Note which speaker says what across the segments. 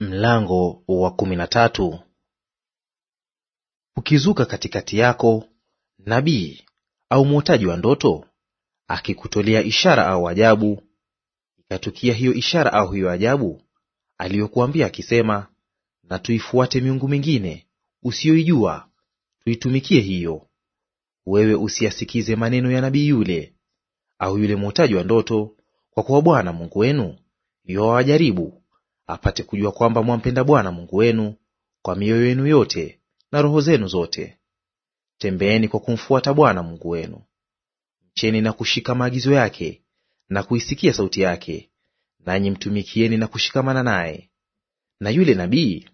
Speaker 1: Mlango wa kumi na tatu. Ukizuka katikati yako nabii au mwotaji wa ndoto akikutolea ishara au ajabu, ikatukia hiyo ishara au hiyo ajabu aliyokuambia akisema, na tuifuate miungu mingine usiyoijua, tuitumikie hiyo, wewe usiyasikize maneno ya nabii yule au yule mwotaji wa ndoto, kwa kuwa Bwana Mungu wenu yuwawajaribu apate kujua kwamba mwampenda Bwana Mungu wenu kwa mioyo yenu yote na roho zenu zote. Tembeeni kwa kumfuata Bwana Mungu wenu. Mcheni na kushika maagizo yake na kuisikia sauti yake, nanyi mtumikieni na kushikamana naye. Na yule nabii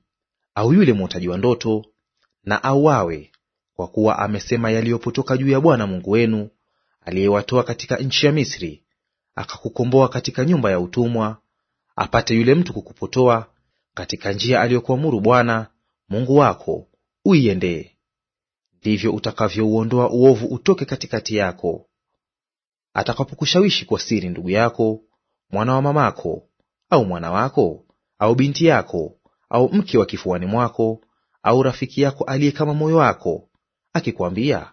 Speaker 1: au yule mwotaji wa ndoto na auawe, kwa kuwa amesema yaliyopotoka juu ya Bwana Mungu wenu aliyewatoa katika nchi ya Misri, akakukomboa katika nyumba ya utumwa apate yule mtu kukupotoa katika njia aliyokuamuru Bwana Mungu wako uiendee; ndivyo utakavyouondoa uovu utoke katikati yako. Atakapokushawishi kwa siri ndugu yako, mwana wa mamako, au mwana wako, au binti yako, au mke wa kifuani mwako, au rafiki yako aliye kama moyo wako, akikwambia,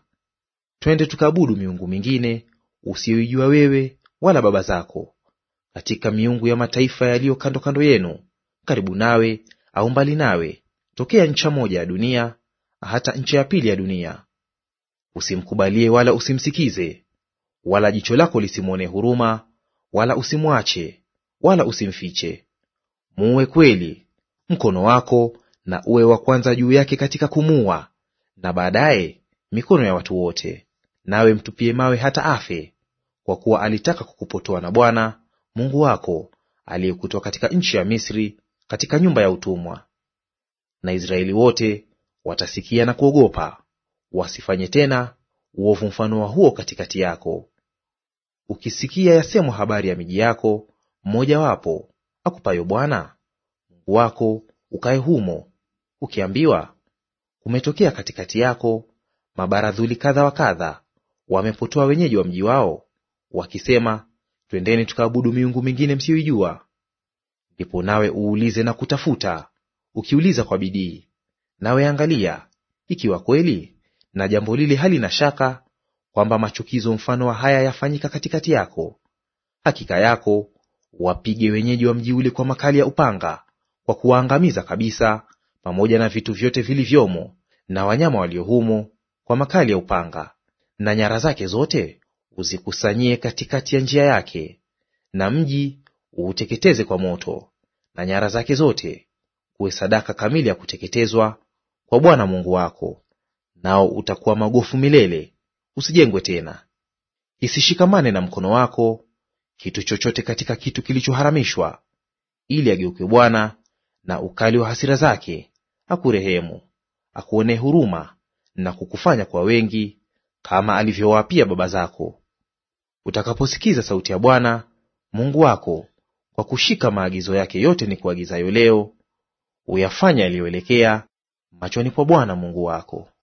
Speaker 1: twende tukaabudu miungu mingine usiyoijua wewe wala baba zako, katika miungu ya mataifa yaliyo kando kando yenu, karibu nawe au mbali nawe, tokea ncha moja ya dunia hata ncha ya pili ya dunia. Usimkubalie wala usimsikize, wala jicho lako lisimwone huruma, wala usimwache, wala usimfiche. Muue kweli, mkono wako na uwe wa kwanza juu yake katika kumua na baadaye mikono ya watu wote. Nawe mtupie mawe hata afe, kwa kuwa alitaka kukupotoa na Bwana Mungu wako aliyekutoa katika nchi ya Misri, katika nyumba ya utumwa. Na Israeli wote watasikia na kuogopa, wasifanye tena uovu mfano wa huo katikati yako. Ukisikia yasemwa habari ya miji yako mmojawapo akupayo Bwana Mungu wako ukae humo, ukiambiwa, kumetokea katikati yako mabaradhuli kadha wa kadha, wamepotoa wenyeji wa mji wao, wakisema twendeni tukaabudu miungu mingine msiyoijua. Ndipo nawe uulize na kutafuta, ukiuliza kwa bidii. Nawe angalia, ikiwa kweli na jambo lile halina shaka, kwamba machukizo mfano wa haya yafanyika katikati yako, hakika yako wapige wenyeji wa mji ule kwa makali ya upanga, kwa kuwaangamiza kabisa, pamoja na vitu vyote vilivyomo na wanyama waliohumo kwa makali ya upanga, na nyara zake zote uzikusanyie katikati ya njia yake, na mji uuteketeze kwa moto, na nyara zake zote kuwe sadaka kamili ya kuteketezwa kwa Bwana Mungu wako, nao utakuwa magofu milele, usijengwe tena. Isishikamane na mkono wako kitu chochote katika kitu kilichoharamishwa, ili ageuke Bwana na ukali wa hasira zake akurehemu, akuonee huruma na kukufanya kwa wengi, kama alivyowaapia baba zako utakaposikiza sauti ya Bwana Mungu wako kwa kushika maagizo yake yote ni kuagiza leo, uyafanya yaliyoelekea machoni pa Bwana Mungu wako.